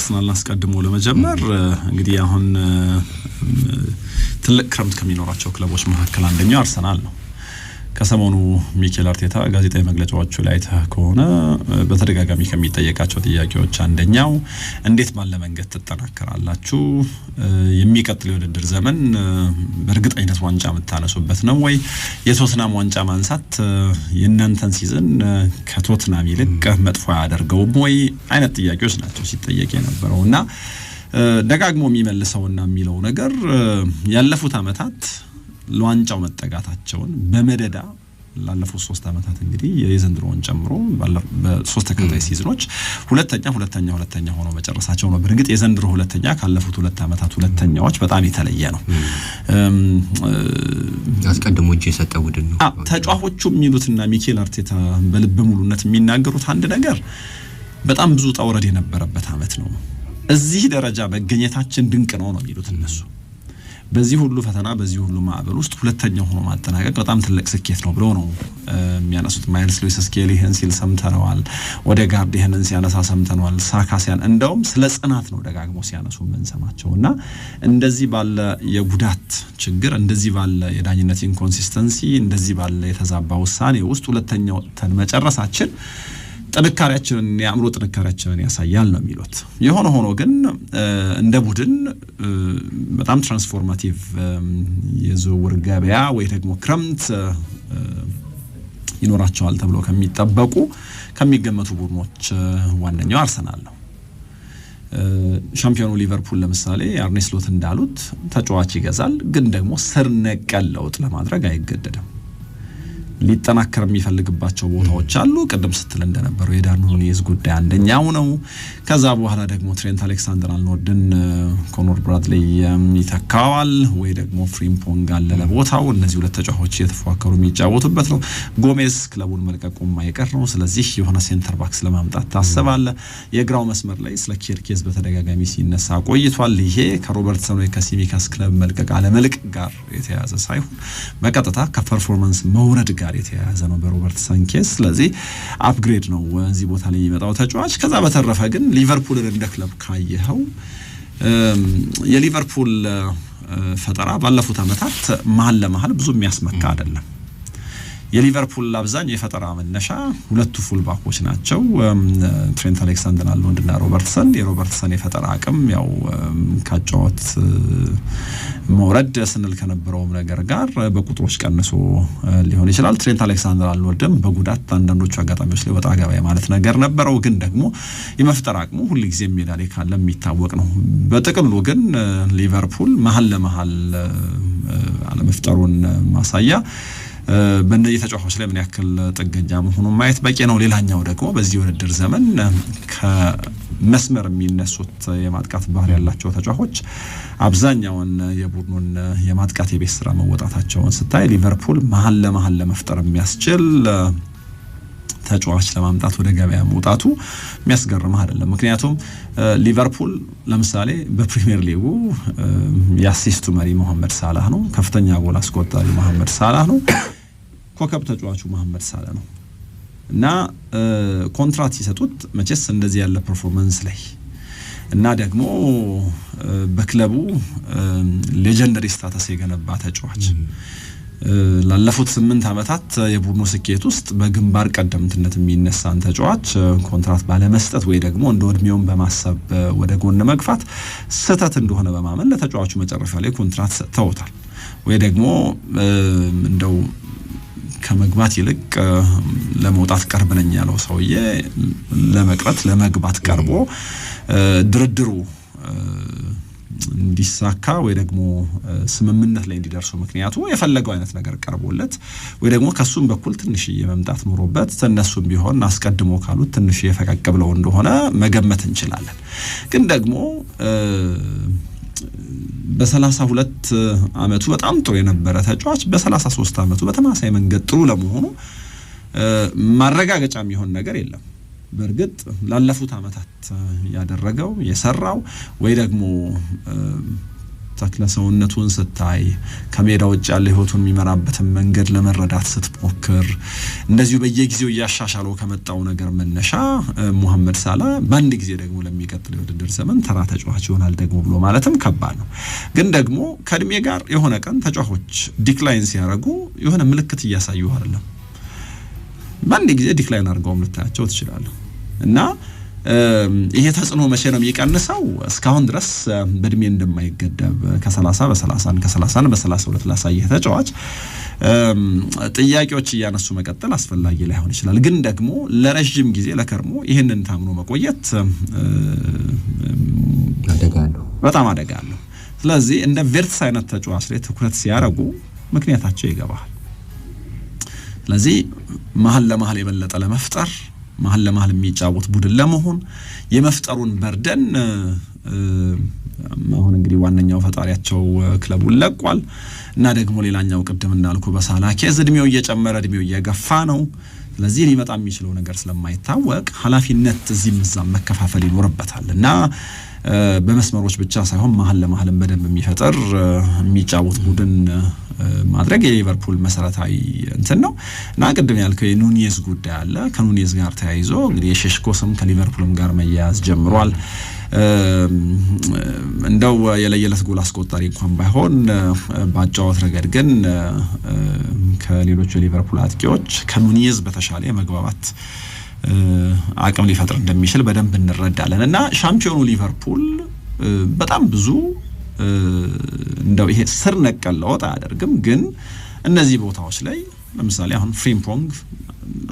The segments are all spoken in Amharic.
ከአርሰናል አስቀድሞ ለመጀመር እንግዲህ አሁን ትልቅ ክረምት ከሚኖራቸው ክለቦች መካከል አንደኛው አርሰናል ነው። ከሰሞኑ ሚኬል አርቴታ ጋዜጣዊ መግለጫዎቹ ላይ ከሆነ በተደጋጋሚ ከሚጠየቃቸው ጥያቄዎች አንደኛው እንዴት ባለ መንገድ ትጠናከራላችሁ? የሚቀጥለው የውድድር ዘመን በእርግጠኝነት ዋንጫ የምታነሱበት ነው ወይ? የቶትናም ዋንጫ ማንሳት የእናንተን ሲዝን ከቶትናም ይልቅ መጥፎ አያደርገውም ወይ? አይነት ጥያቄዎች ናቸው ሲጠየቅ የነበረው እና ደጋግሞ የሚመልሰውና የሚለው ነገር ያለፉት አመታት ለዋንጫው መጠጋታቸውን በመደዳ ላለፉት ሶስት ዓመታት እንግዲህ የዘንድሮውን ጨምሮ በሶስት ተከታታይ ሲዝኖች ሁለተኛ ሁለተኛ ሁለተኛ ሆኖ መጨረሳቸው ነው። በእርግጥ የዘንድሮ ሁለተኛ ካለፉት ሁለት ዓመታት ሁለተኛዎች በጣም የተለየ ነው። አስቀድሞ እጅ የሰጠ ቡድን ነው። ተጫዋቾቹ የሚሉትና ሚኬል አርቴታ በልብ ሙሉነት የሚናገሩት አንድ ነገር በጣም ብዙ ጠውረድ የነበረበት ዓመት ነው። እዚህ ደረጃ መገኘታችን ድንቅ ነው ነው የሚሉት እነሱ በዚህ ሁሉ ፈተና በዚህ ሁሉ ማዕበል ውስጥ ሁለተኛው ሆኖ ማጠናቀቅ በጣም ትልቅ ስኬት ነው ብለው ነው የሚያነሱት። ማይልስ ሉዊስ ስኬሊ ይህን ሲል ሰምተነዋል። ወደ ጋርድ ይህንን ሲያነሳ ሰምተነዋል። ሳካሲያን እንደውም ስለ ጽናት ነው ደጋግሞ ሲያነሱ የምንሰማቸው እና እንደዚህ ባለ የጉዳት ችግር፣ እንደዚህ ባለ የዳኝነት ኢንኮንሲስተንሲ፣ እንደዚህ ባለ የተዛባ ውሳኔ ውስጥ ሁለተኛ ወጥተን መጨረሳችን ጥንካሬያችንን የአእምሮ ጥንካሬያችንን ያሳያል ነው የሚሉት። የሆነ ሆኖ ግን እንደ ቡድን በጣም ትራንስፎርማቲቭ የዝውውር ገበያ ወይ ደግሞ ክረምት ይኖራቸዋል ተብሎ ከሚጠበቁ ከሚገመቱ ቡድኖች ዋነኛው አርሰናል ነው። ሻምፒዮኑ ሊቨርፑል ለምሳሌ አርኔ ስሎት እንዳሉት ተጫዋች ይገዛል፣ ግን ደግሞ ስር ነቀል ለውጥ ለማድረግ አይገደድም። ሊጠናከር የሚፈልግባቸው ቦታዎች አሉ። ቅድም ስትል እንደነበረው የዳን ኑኔዝ ጉዳይ አንደኛው ነው። ከዛ በኋላ ደግሞ ትሬንት አሌክሳንደር አልኖርድን ኮኖር ብራድሊ ይተካዋል ወይ ደግሞ ፍሪምፖንግ አለ ለቦታው። እነዚህ ሁለት ተጫዋቾች እየተፎካከሩ የሚጫወቱበት ነው። ጎሜዝ ክለቡን መልቀቁ የማይቀር ነው። ስለዚህ የሆነ ሴንተር ባክስ ለማምጣት ታስባለ። የግራው መስመር ላይ ስለ ኬርኬዝ በተደጋጋሚ ሲነሳ ቆይቷል። ይሄ ከሮበርትሰን ወይ ከሲሚካስ ክለብ መልቀቅ አለመልቅ ጋር የተያያዘ ሳይሆን በቀጥታ ከፐርፎርማንስ መውረድ ጋር ጋር የተያያዘ ነው በሮበርት ሰንኬስ። ስለዚህ አፕግሬድ ነው እዚህ ቦታ ላይ የሚመጣው ተጫዋች። ከዛ በተረፈ ግን ሊቨርፑልን እንደ ክለብ ካየኸው የሊቨርፑል ፈጠራ ባለፉት ዓመታት መሀል ለመሀል ብዙ የሚያስመካ አይደለም። የሊቨርፑል አብዛኛው የፈጠራ መነሻ ሁለቱ ፉልባኮች ናቸው፣ ትሬንት አሌክሳንደር አርኖልድ እና ሮበርትሰን። የሮበርትሰን የፈጠራ አቅም ያው ካጫወት መውረድ ስንል ከነበረውም ነገር ጋር በቁጥሮች ቀንሶ ሊሆን ይችላል። ትሬንት አሌክሳንደር አርኖልድም በጉዳት አንዳንዶቹ አጋጣሚዎች ላይ ወጣ ገባ ማለት ነገር ነበረው፣ ግን ደግሞ የመፍጠር አቅሙ ሁልጊዜም ሜዳ ላይ ካለ የሚታወቅ ነው። በጥቅሉ ግን ሊቨርፑል መሀል ለመሀል አለመፍጠሩን ማሳያ በእነዚህ ተጫዋቾች ላይ ምን ያክል ጥገኛ መሆኑን ማየት በቂ ነው። ሌላኛው ደግሞ በዚህ ውድድር ዘመን ከመስመር የሚነሱት የማጥቃት ባህር ያላቸው ተጫዋቾች አብዛኛውን የቡድኑን የማጥቃት የቤት ስራ መወጣታቸውን ስታይ ሊቨርፑል መሀል ለመሀል ለመፍጠር የሚያስችል ተጫዋች ለማምጣት ወደ ገበያ መውጣቱ የሚያስገርም አይደለም። ምክንያቱም ሊቨርፑል ለምሳሌ በፕሪሚየር ሊጉ የአሲስቱ መሪ መሐመድ ሳላህ ነው። ከፍተኛ ጎል አስቆጣሪ መሐመድ ሳላህ ነው። ኮከብ ተጫዋቹ መሐመድ ሳለ ነው እና ኮንትራት ሲሰጡት መቼስ እንደዚህ ያለ ፐርፎርመንስ ላይ እና ደግሞ በክለቡ ሌጀንደሪ ስታተስ የገነባ ተጫዋች ላለፉት ስምንት ዓመታት የቡድኑ ስኬት ውስጥ በግንባር ቀደምትነት የሚነሳን ተጫዋች ኮንትራት ባለመስጠት ወይ ደግሞ እንደ እድሜውን በማሰብ ወደ ጎን መግፋት ስህተት እንደሆነ በማመን ለተጫዋቹ መጨረሻ ላይ ኮንትራት ሰጥተውታል ወይ ደግሞ እንደው ከመግባት ይልቅ ለመውጣት ቅርብ ነኝ ያለው ሰውዬ ለመቅረት ለመግባት ቀርቦ ድርድሩ እንዲሳካ ወይ ደግሞ ስምምነት ላይ እንዲደርሱ ምክንያቱ የፈለገው አይነት ነገር ቀርቦለት ወይ ደግሞ ከሱም በኩል ትንሽዬ መምጣት ኑሮበት እነሱም ቢሆን አስቀድሞ ካሉት ትንሽ ፈቀቅ ብለው እንደሆነ መገመት እንችላለን። ግን ደግሞ በ32 አመቱ በጣም ጥሩ የነበረ ተጫዋች በ33 አመቱ በተማሳይ መንገድ ጥሩ ለመሆኑ ማረጋገጫ የሚሆን ነገር የለም። በእርግጥ ላለፉት አመታት ያደረገው የሰራው ወይ ደግሞ ተክለ ሰውነቱን ስታይ ከሜዳ ውጭ ያለ ህይወቱን የሚመራበትን መንገድ ለመረዳት ስትሞክር እንደዚሁ በየጊዜው እያሻሻለው ከመጣው ነገር መነሻ ሙሐመድ ሳላ በአንድ ጊዜ ደግሞ ለሚቀጥል የውድድር ዘመን ተራ ተጫዋች ይሆናል ደግሞ ብሎ ማለትም ከባድ ነው። ግን ደግሞ ከእድሜ ጋር የሆነ ቀን ተጫዋቾች ዲክላይን ሲያደርጉ የሆነ ምልክት እያሳዩ አይደለም። በአንድ ጊዜ ዲክላይን አድርገውም ልታያቸው ትችላለሁ እና ይሄ ተጽዕኖ መቼ ነው የሚቀንሰው? እስካሁን ድረስ በእድሜ እንደማይገደብ ከ30 በ30 ከ30 በ32 ላሳየህ ተጫዋች ጥያቄዎች እያነሱ መቀጠል አስፈላጊ ላይሆን ይችላል። ግን ደግሞ ለረዥም ጊዜ ለከርሞ ይህንን ታምኖ መቆየት በጣም አደጋ አለው። ስለዚህ እንደ ቬርትስ አይነት ተጫዋች ላይ ትኩረት ሲያደርጉ ምክንያታቸው ይገባል። ስለዚህ መሀል ለመሀል የበለጠ ለመፍጠር መሀል ለመሀል የሚጫወት ቡድን ለመሆን የመፍጠሩን በርደን አሁን እንግዲህ ዋነኛው ፈጣሪያቸው ክለቡን ለቋል እና ደግሞ ሌላኛው ቅድም እንዳልኩ በሳላ ኬዝ እድሜው እየጨመረ እድሜው እየገፋ ነው። ስለዚህ ሊመጣ የሚችለው ነገር ስለማይታወቅ ኃላፊነት እዚህም እዛም መከፋፈል ይኖርበታል እና በመስመሮች ብቻ ሳይሆን መሀል ለመሀልም በደንብ የሚፈጠር የሚጫወት ቡድን ማድረግ የሊቨርፑል መሰረታዊ እንትን ነው እና ቅድም ያልከው የኑኔዝ ጉዳይ አለ። ከኑኔዝ ጋር ተያይዞ እንግዲህ የሸሽኮ ስም ከሊቨርፑልም ጋር መያያዝ ጀምሯል። እንደው የለየለት ጎል አስቆጣሪ እንኳን ባይሆን በአጫወት ረገድ ግን ከሌሎች የሊቨርፑል አጥቂዎች ከኑኔዝ በተሻለ የመግባባት አቅም ሊፈጥር እንደሚችል በደንብ እንረዳለን እና ሻምፒዮኑ ሊቨርፑል በጣም ብዙ እንደው ይሄ ስር ነቀል ለውጥ አያደርግም። ግን እነዚህ ቦታዎች ላይ ለምሳሌ አሁን ፍሪምፖንግ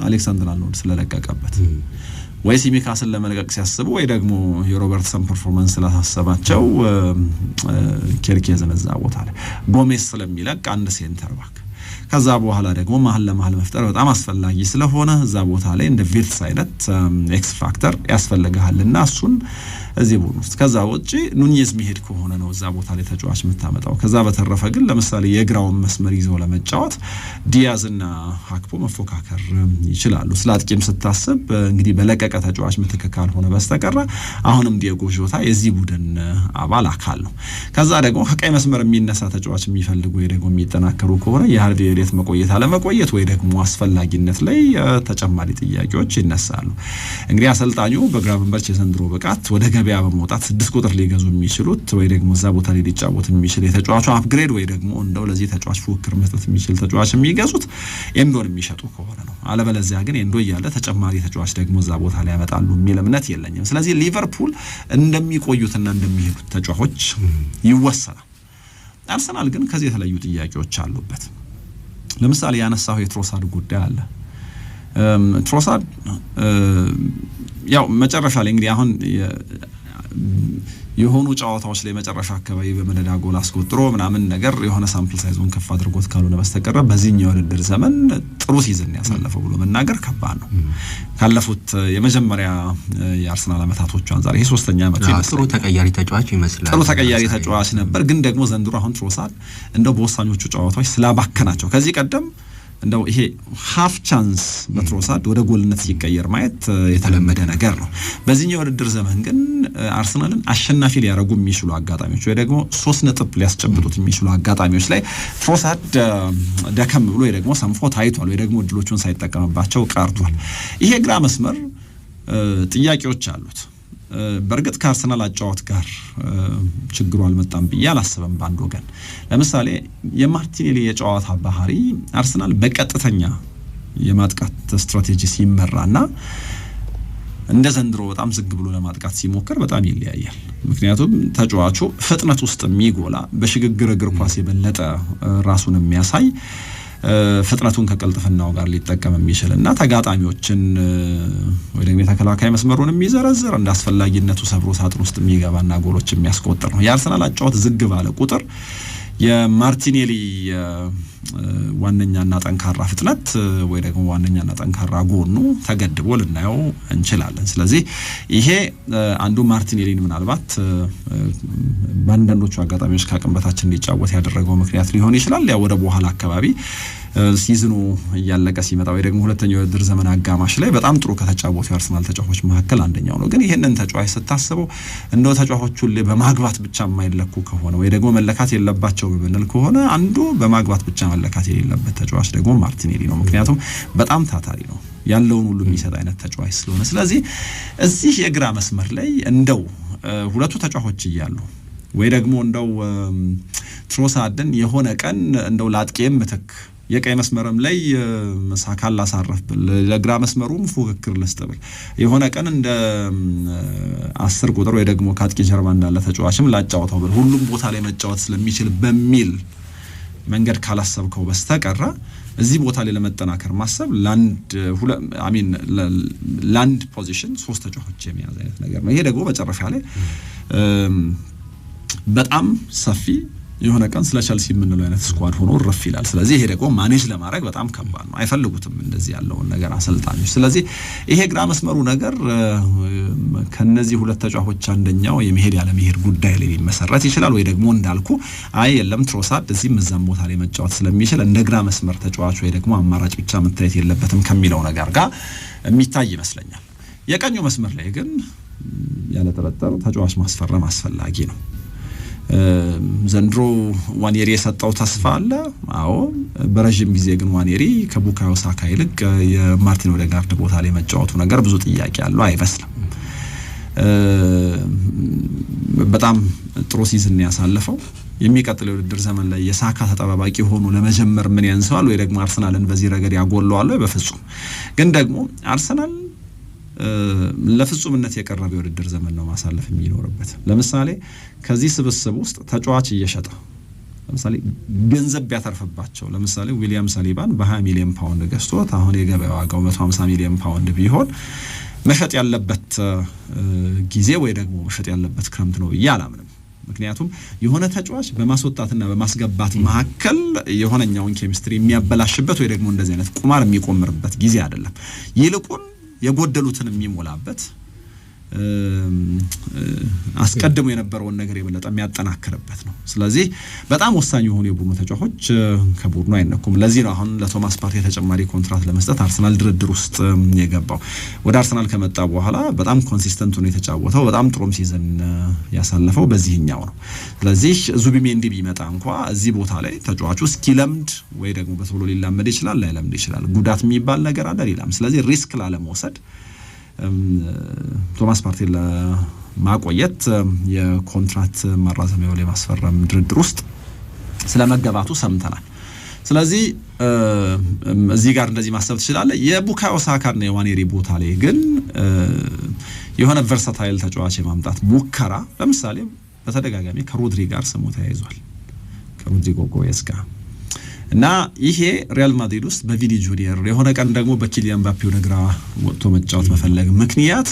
አሌክሳንድር አርኖልድ ስለለቀቀበት ወይ ሲሚካስን ለመልቀቅ ሲያስቡ ወይ ደግሞ የሮበርትሰን ፐርፎርማንስ ስላሳሰባቸው ኬርኬዝን እዛ ቦታ ላይ ጎሜስ ስለሚለቅ አንድ ሴንተር ባክ ከዛ በኋላ ደግሞ መሀል ለመሀል መፍጠር በጣም አስፈላጊ ስለሆነ እዛ ቦታ ላይ እንደ ቪርትስ አይነት ኤክስ ፋክተር ያስፈልግሃልና እሱን እዚህ ቡድን ውስጥ ከዛ ውጭ ኑኝዝ ሚሄድ ከሆነ ነው እዛ ቦታ ላይ ተጫዋች የምታመጣው። ከዛ በተረፈ ግን ለምሳሌ የግራውን መስመር ይዞ ለመጫወት ዲያዝና እና ሀክፖ መፎካከር ይችላሉ። ስለ አጥቂም ስታስብ እንግዲህ በለቀቀ ተጫዋች ምትክ ካልሆነ በስተቀረ አሁንም ዲዮጎ ጆታ የዚህ ቡድን አባል አካል ነው። ከዛ ደግሞ ከቀይ መስመር የሚነሳ ተጫዋች የሚፈልጉ ወይ ደግሞ የሚጠናከሩ ከሆነ የሀርቪ ኤሊየት መቆየት አለመቆየት ወይ ደግሞ አስፈላጊነት ላይ ተጨማሪ ጥያቄዎች ይነሳሉ። እንግዲህ አሰልጣኙ በግራቨንበርች የዘንድሮ ብቃት ወደ ገበያ ገበያ በመውጣት ስድስት ቁጥር ሊገዙ የሚችሉት ወይ ደግሞ እዛ ቦታ ላይ ሊጫወት የሚችል የተጫዋቹ አፕግሬድ ወይ ደግሞ እንደው ለዚህ ተጫዋች ፉክክር መስጠት የሚችል ተጫዋች የሚገዙት ኤንዶን የሚሸጡ ከሆነ ነው። አለበለዚያ ግን ኤንዶ እያለ ተጨማሪ ተጫዋች ደግሞ እዛ ቦታ ላይ ያመጣሉ የሚል እምነት የለኝም። ስለዚህ ሊቨርፑል እንደሚቆዩትና እንደሚሄዱት ተጫዋቾች ይወሰናል። አርሰናል ግን ከዚህ የተለዩ ጥያቄዎች አሉበት። ለምሳሌ ያነሳው የትሮሳድ ጉዳይ አለ። ትሮሳድ ያው መጨረሻ ላይ እንግዲህ አሁን የሆኑ ጨዋታዎች ላይ መጨረሻ አካባቢ በመደዳ ጎል አስቆጥሮ ምናምን ነገር የሆነ ሳምፕል ሳይዞን ከፍ አድርጎት ካልሆነ በስተቀረ በዚህኛው የውድድር ዘመን ጥሩ ሲዝን ያሳለፈው ብሎ መናገር ከባድ ነው። ካለፉት የመጀመሪያ የአርሰናል አመታቶቹ አንጻር ይሄ ሶስተኛ ዓመት ጥሩ ተቀያሪ ተጫዋች ይመስላል። ጥሩ ተቀያሪ ተጫዋች ነበር፣ ግን ደግሞ ዘንድሮ አሁን ትሮሳል እንደው በወሳኞቹ ጨዋታዎች ስላባከናቸው ከዚህ ቀደም እንደው ይሄ ሀፍ ቻንስ በትሮሳድ ወደ ጎልነት ሲቀየር ማየት uh, የተለመደ ነገር ነው። በዚህኛው የውድድር ዘመን ግን uh, አርሰናልን አሸናፊ ሊያደርጉ የሚችሉ አጋጣሚዎች ወይ ደግሞ ሶስት ነጥብ ሊያስጨብጡት የሚችሉ አጋጣሚዎች ላይ ትሮሳድ uh, ደከም ብሎ ወይ ደግሞ ሰንፎ ታይቷል፣ ወይ ደግሞ እድሎቹን ሳይጠቀምባቸው ቀርቷል። ይሄ ግራ መስመር ጥያቄዎች አሉት። በእርግጥ ከአርሰናል አጫዋት ጋር ችግሩ አልመጣም ብዬ አላስበም። በአንድ ወገን ለምሳሌ የማርቲኔሊ የጨዋታ ባህሪ አርሰናል በቀጥተኛ የማጥቃት ስትራቴጂ ሲመራ እና እንደ ዘንድሮ በጣም ዝግ ብሎ ለማጥቃት ሲሞክር በጣም ይለያያል። ምክንያቱም ተጫዋቹ ፍጥነት ውስጥ የሚጎላ በሽግግር እግር ኳስ የበለጠ ራሱን የሚያሳይ ፍጥነቱን ከቅልጥፍናው ጋር ሊጠቀም የሚችል እና ተጋጣሚዎችን ወይ ደግሞ የተከላካይ መስመሩን የሚዘረዝር እንደ አስፈላጊነቱ ሰብሮ ሳጥን ውስጥ የሚገባና ጎሎች የሚያስቆጥር ነው። የአርሰናል አጫወት ዝግ ባለ ቁጥር የማርቲኔሊ ዋነኛና ጠንካራ ፍጥነት ወይ ደግሞ ዋነኛና ጠንካራ ጎኑ ተገድቦ ልናየው እንችላለን። ስለዚህ ይሄ አንዱ ማርቲኔሊን ምናልባት በአንዳንዶቹ አጋጣሚዎች ከአቅም በታችን እንዲጫወት ያደረገው ምክንያት ሊሆን ይችላል። ያ ወደ በኋላ አካባቢ ሲዝኑ እያለቀ ሲመጣ ወይ ደግሞ ሁለተኛው የውድድር ዘመን አጋማሽ ላይ በጣም ጥሩ ከተጫወቱ የአርሰናል ተጫዋቾች መካከል አንደኛው ነው። ግን ይህንን ተጫዋች ስታስበው እንደው ተጫዋቾቹ በማግባት ብቻ የማይለኩ ከሆነ ወይ ደግሞ መለካት የለባቸው ብንል ከሆነ አንዱ በማግባት ብቻ መለካት የሌለበት ተጫዋች ደግሞ ማርቲኔሊ ነው። ምክንያቱም በጣም ታታሪ ነው ያለውን ሁሉ የሚሰጥ አይነት ተጫዋች ስለሆነ ስለዚህ እዚህ የግራ መስመር ላይ እንደው ሁለቱ ተጫዋቾች እያሉ ወይ ደግሞ እንደው ትሮሳድን የሆነ ቀን እንደው ለአጥቂም ምትክ የቀይ መስመርም ላይ መሳካል ላሳረፍ ብል ለግራ መስመሩም ፉክክር ልስጥ ብል የሆነ ቀን እንደ አስር ቁጥር ወይ ደግሞ ከአጥቂ ጀርባ እንዳለ ተጫዋችም ላጫወተው ብል ሁሉም ቦታ ላይ መጫወት ስለሚችል በሚል መንገድ ካላሰብከው በስተቀረ እዚህ ቦታ ላይ ለመጠናከር ማሰብ ላንድ ፖዚሽን ሶስት ተጫዋቾች የሚያዝ አይነት ነገር ነው። ይሄ ደግሞ መጨረሻ ላይ በጣም ሰፊ የሆነ ቀን ስለ ቸልሲ የምንለው አይነት ስኳድ ሆኖ ረፍ ይላል። ስለዚህ ይሄ ደግሞ ማኔጅ ለማድረግ በጣም ከባድ ነው። አይፈልጉትም እንደዚህ ያለውን ነገር አሰልጣኞች። ስለዚህ ይሄ ግራ መስመሩ ነገር ከነዚህ ሁለት ተጫዋቾች አንደኛው የመሄድ ያለመሄድ ጉዳይ ላይ ሊመሰረት ይችላል። ወይ ደግሞ እንዳልኩ አይ የለም ትሮሳድ እዚህ እዛም ቦታ ላይ መጫወት ስለሚችል እንደ ግራ መስመር ተጫዋች ወይ ደግሞ አማራጭ ብቻ መታየት የለበትም ከሚለው ነገር ጋር የሚታይ ይመስለኛል። የቀኙ መስመር ላይ ግን ያለ ጥርጥር ተጫዋች ማስፈረም አስፈላጊ ነው። ዘንድሮ ዋኔሪ የሰጠው ተስፋ አለ። አዎ በረዥም ጊዜ ግን ዋኔሪ ከቡካዮ ሳካ ይልቅ የማርቲን ኦዴጋርድ ቦታ ላይ መጫወቱ ነገር ብዙ ጥያቄ ያለው አይመስልም። በጣም ጥሩ ሲዝን ያሳለፈው የሚቀጥለው የውድድር ዘመን ላይ የሳካ ተጠባባቂ ሆኖ ለመጀመር ምን ያንሰዋል ወይ ደግሞ አርሰናልን በዚህ ረገድ ያጎለዋል? በፍጹም ግን ደግሞ አርሰናል ለፍጹምነት የቀረበ የውድድር ዘመን ነው ማሳለፍ የሚኖርበት። ለምሳሌ ከዚህ ስብስብ ውስጥ ተጫዋች እየሸጠ ለምሳሌ ገንዘብ ቢያተርፍባቸው ለምሳሌ ዊሊያም ሳሊባን በ20 ሚሊዮን ፓውንድ ገዝቶት አሁን የገበያ ዋጋው 150 ሚሊዮን ፓውንድ ቢሆን መሸጥ ያለበት ጊዜ ወይ ደግሞ መሸጥ ያለበት ክረምት ነው ብዬ አላምንም። ምክንያቱም የሆነ ተጫዋች በማስወጣትና በማስገባት መካከል የሆነኛውን ኬሚስትሪ የሚያበላሽበት ወይ ደግሞ እንደዚህ አይነት ቁማር የሚቆምርበት ጊዜ አይደለም። ይልቁን የጎደሉትን የሚሞላበት አስቀድሞ የነበረውን ነገር የበለጠ የሚያጠናክርበት ነው። ስለዚህ በጣም ወሳኝ የሆኑ የቡድኑ ተጫዋቾች ከቡድኑ አይነኩም። ለዚህ ነው አሁን ለቶማስ ፓርቲ ተጨማሪ ኮንትራት ለመስጠት አርሰናል ድርድር ውስጥ የገባው። ወደ አርሰናል ከመጣ በኋላ በጣም ኮንሲስተንት ሆኖ የተጫወተው በጣም ጥሩም ሲዝን ያሳለፈው በዚህኛው ነው። ስለዚህ ዙቢሜንዲ ቢመጣ እንኳ እዚህ ቦታ ላይ ተጫዋቹ እስኪለምድ ወይ ደግሞ በቶሎ ሊላመድ ይችላል፣ ላይለምድ ይችላል። ጉዳት የሚባል ነገር አለ ሌላም። ስለዚህ ሪስክ ላለመውሰድ ቶማስ ፓርቲን ለማቆየት የኮንትራት ማራዘሚያው ላይ ማስፈረም ድርድር ውስጥ ስለመገባቱ ሰምተናል። ስለዚህ እዚህ ጋር እንደዚህ ማሰብ ትችላለህ። የቡካዮ ሳካና የዋኔሪ ቦታ ላይ ግን የሆነ ቨርሳታይል ተጫዋች የማምጣት ሙከራ ለምሳሌ በተደጋጋሚ ከሮድሪ ጋር ስሙ ተያይዟል ከሮድሪጎ ጎየስ ጋር እና ይሄ ሪያል ማድሪድ ውስጥ በቪኒ ጁኒየር የሆነ ቀን ደግሞ በኪሊያን ምባፔው ነግራ ወጥቶ መጫወት መፈለግ ምክንያት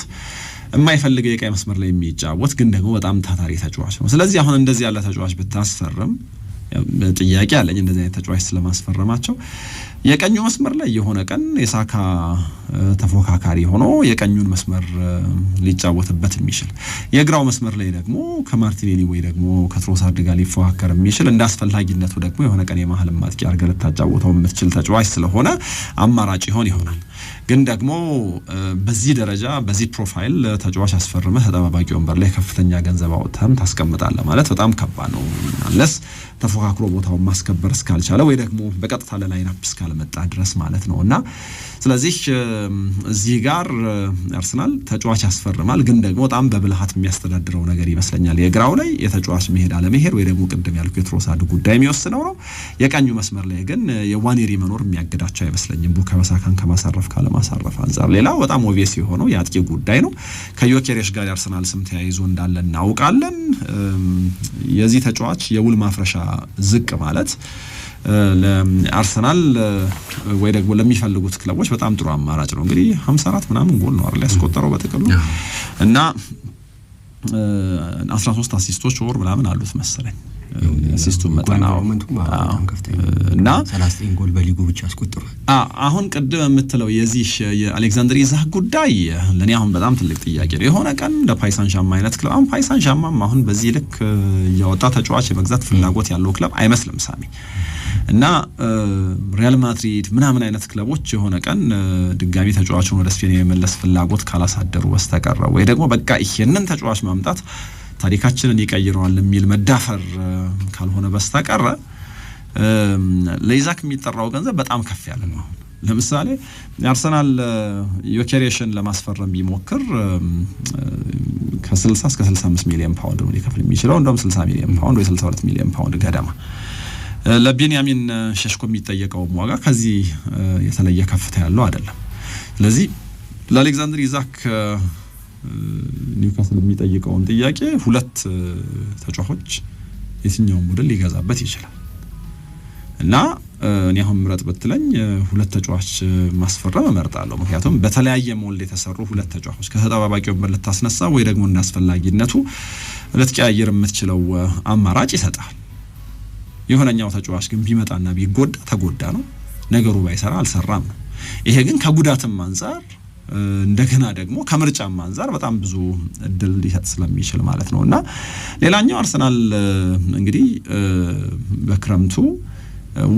የማይፈልገው የቀይ መስመር ላይ የሚጫወት ግን ደግሞ በጣም ታታሪ ተጫዋች ነው። ስለዚህ አሁን እንደዚህ ያለ ተጫዋች ብታስፈርም ጥያቄ አለኝ እንደዚህ አይነት ተጫዋች ስለማስፈረማቸው የቀኙ መስመር ላይ የሆነ ቀን የሳካ ተፎካካሪ ሆኖ የቀኙን መስመር ሊጫወትበት የሚችል የግራው መስመር ላይ ደግሞ ከማርቲኔሊ ወይ ደግሞ ከትሮሳርድ ጋር ሊፎካከር የሚችል እንደ አስፈላጊነቱ ደግሞ የሆነ ቀን የመሀል ማጥቂ አድርገህ ልታጫወተው የምትችል ተጫዋች ስለሆነ አማራጭ ይሆን ይሆናል። ግን ደግሞ በዚህ ደረጃ በዚህ ፕሮፋይል ተጫዋች አስፈርመህ ተጠባባቂ ወንበር ላይ ከፍተኛ ገንዘብ አውጥተህም ታስቀምጣለህ ማለት በጣም ከባድ ነው። ለስ ተፎካክሮ ቦታውን ማስከበር እስካልቻለ ወይ ደግሞ በቀጥታ ለላይን አፕ እስካልመጣ ድረስ ማለት ነው እና ስለዚህ እዚህ ጋር አርሰናል ተጫዋች ያስፈርማል፣ ግን ደግሞ በጣም በብልሃት የሚያስተዳድረው ነገር ይመስለኛል። የግራው ላይ የተጫዋች መሄድ አለመሄድ ወይ ደግሞ ቅድም ያልኩ የትሮሳድ ጉዳይ የሚወስነው ነው። የቀኙ መስመር ላይ ግን የዋኔሪ መኖር የሚያግዳቸው አይመስለኝም፣ ቡካዮ ሳካን ከማሳረፍ ካለማሳረፍ አንጻር። ሌላው በጣም ኦቪየስ የሆነው የአጥቂ ጉዳይ ነው። ከዮኬሬሽ ጋር የአርሰናል ስም ተያይዞ እንዳለ እናውቃለን። የዚህ ተጫዋች የውል ማፍረሻ ዝቅ ማለት ለአርሰናል ወይ ደግሞ ለሚፈልጉት ክለቦች በጣም ጥሩ አማራጭ ነው። እንግዲህ 54 ምናምን ጎል ነው አይደል ያስቆጠረው በጥቅሉ እና 13 አሲስቶች ወር ምናምን አሉት መሰለኝ አሲስቱ መጠን እና ጎል በሊጉ ብቻ አስቆጥሯል። አሁን ቅድም የምትለው የዚህ የአሌክዛንደር ይዛህ ጉዳይ ለእኔ አሁን በጣም ትልቅ ጥያቄ ነው። የሆነ ቀን እንደ ፓይሳን ሻማ አይነት ክለብ አሁን ፓይሳን ሻማም አሁን በዚህ ልክ እያወጣ ተጫዋች የመግዛት ፍላጎት ያለው ክለብ አይመስልም ሳሚ እና ሪያል ማድሪድ ምናምን አይነት ክለቦች የሆነ ቀን ድጋሚ ተጫዋቹን ወደ ስፔን የመለስ ፍላጎት ካላሳደሩ በስተቀረ ወይ ደግሞ በቃ ይሄንን ተጫዋች ማምጣት ታሪካችንን ይቀይረዋል የሚል መዳፈር ካልሆነ በስተቀረ ለይዛክ የሚጠራው ገንዘብ በጣም ከፍ ያለ ነው። አሁን ለምሳሌ አርሰናል ዮኬሬሽን ለማስፈረም ቢሞክር ከ60 እስከ 65 ሚሊዮን ፓውንድ ነው ሊከፍል የሚችለው። እንደውም 60 ሚሊዮን ፓውንድ ወይ 62 ሚሊዮን ፓውንድ ገደማ ለቤንያሚን ሸሽኮ የሚጠየቀውም ዋጋ ከዚህ የተለየ ከፍታ ያለው አይደለም። ስለዚህ ለአሌክዛንድር ይዛክ ኒውካስል የሚጠይቀውን ጥያቄ ሁለት ተጫዋቾች የትኛውን ቡድን ሊገዛበት ይችላል እና እኔ አሁን ምረጥ ብትለኝ ሁለት ተጫዋች ማስፈረም እመርጣለሁ። ምክንያቱም በተለያየ ሞልድ የተሰሩ ሁለት ተጫዋቾች ከተጠባባቂ ወንበር ልታስነሳ ወይ ደግሞ እንደ አስፈላጊነቱ ልትቀያየር የምትችለው አማራጭ ይሰጣል። የሆነኛው ተጫዋች ግን ቢመጣና ቢጎዳ ተጎዳ ነው፣ ነገሩ ባይሰራ አልሰራም ነው። ይሄ ግን ከጉዳትም አንጻር እንደገና ደግሞ ከምርጫም አንጻር በጣም ብዙ እድል ሊሰጥ ስለሚችል ማለት ነው እና ሌላኛው አርሰናል እንግዲህ በክረምቱ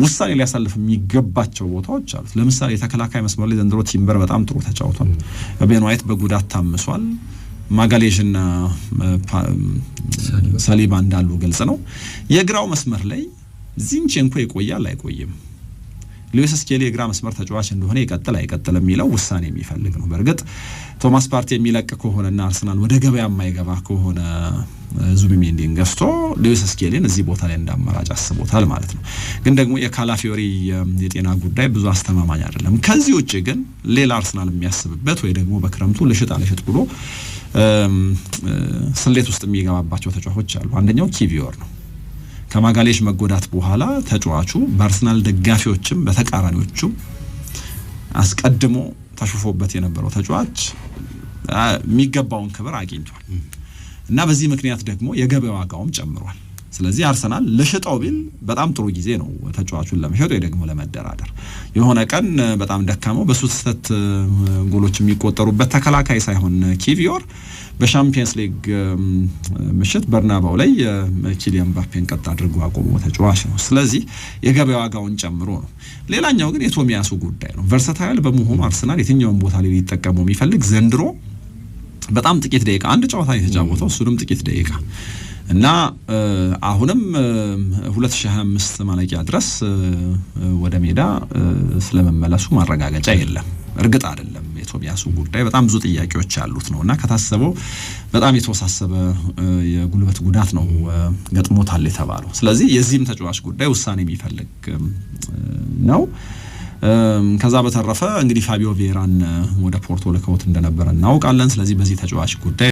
ውሳኔ ሊያሳልፍ የሚገባቸው ቦታዎች አሉት። ለምሳሌ የተከላካይ መስመር ላይ ዘንድሮ ቲምበር በጣም ጥሩ ተጫውቷል። ቤን ዋይት በጉዳት ታምሷል። ማጋሌሽ እና ሳሊባ እንዳሉ ግልጽ ነው። የግራው መስመር ላይ ዚንቼንኮ ይቆያል አይቆይም? ሉዊስ ስኬሊ የግራ መስመር ተጫዋች እንደሆነ ይቀጥል አይቀጥል የሚለው ውሳኔ የሚፈልግ ነው። በእርግጥ ቶማስ ፓርቲ የሚለቅ ከሆነና አርሰናል ወደ ገበያ የማይገባ ከሆነ ዙቢሜንዲን ገዝቶ ሉዊስ ስኬሊን እዚህ ቦታ ላይ እንዳመራጭ አስቦታል ማለት ነው። ግን ደግሞ የካላፊዮሪ የጤና ጉዳይ ብዙ አስተማማኝ አይደለም። ከዚህ ውጭ ግን ሌላ አርሰናል የሚያስብበት ወይ ደግሞ በክረምቱ ልሽጥ አልሽጥ ብሎ ስሌት ውስጥ የሚገባባቸው ተጫዋቾች አሉ። አንደኛው ኪቪዮር ነው። ከማጋሌሽ መጎዳት በኋላ ተጫዋቹ በአርሰናል ደጋፊዎችም በተቃራኒዎቹም አስቀድሞ ተሽፎበት የነበረው ተጫዋች የሚገባውን ክብር አግኝቷል እና በዚህ ምክንያት ደግሞ የገበያ ዋጋውም ጨምሯል። ስለዚህ አርሰናል ልሽጠው ቢል በጣም ጥሩ ጊዜ ነው ተጫዋቹን ለመሸጥ ወይ ደግሞ ለመደራደር። የሆነ ቀን በጣም ደካመው በሱ ስህተት ጎሎች የሚቆጠሩበት ተከላካይ ሳይሆን ኪቪዮር በሻምፒየንስ ሊግ ምሽት በርናባው ላይ ኪሊያን ምባፔን ቀጥ አድርጎ አቆሞ ተጫዋች ነው። ስለዚህ የገበያ ዋጋውን ጨምሮ ነው። ሌላኛው ግን የቶሚያሱ ጉዳይ ነው። ቨርሰታይል በመሆኑ አርሰናል የትኛውን ቦታ ላይ ሊጠቀመው የሚፈልግ ዘንድሮ በጣም ጥቂት ደቂቃ አንድ ጨዋታ የተጫወተው እሱንም ጥቂት ደቂቃ እና አሁንም 2025 ማለቂያ ድረስ ወደ ሜዳ ስለመመለሱ ማረጋገጫ የለም። እርግጥ አይደለም። የቶቢያሱ ጉዳይ በጣም ብዙ ጥያቄዎች ያሉት ነው እና ከታሰበው በጣም የተወሳሰበ የጉልበት ጉዳት ነው ገጥሞታል የተባለው። ስለዚህ የዚህም ተጫዋች ጉዳይ ውሳኔ የሚፈልግ ነው። ከዛ በተረፈ እንግዲህ ፋቢዮ ቬራን ወደ ፖርቶ ልከውት እንደነበረ እናውቃለን። ስለዚህ በዚህ ተጫዋች ጉዳይ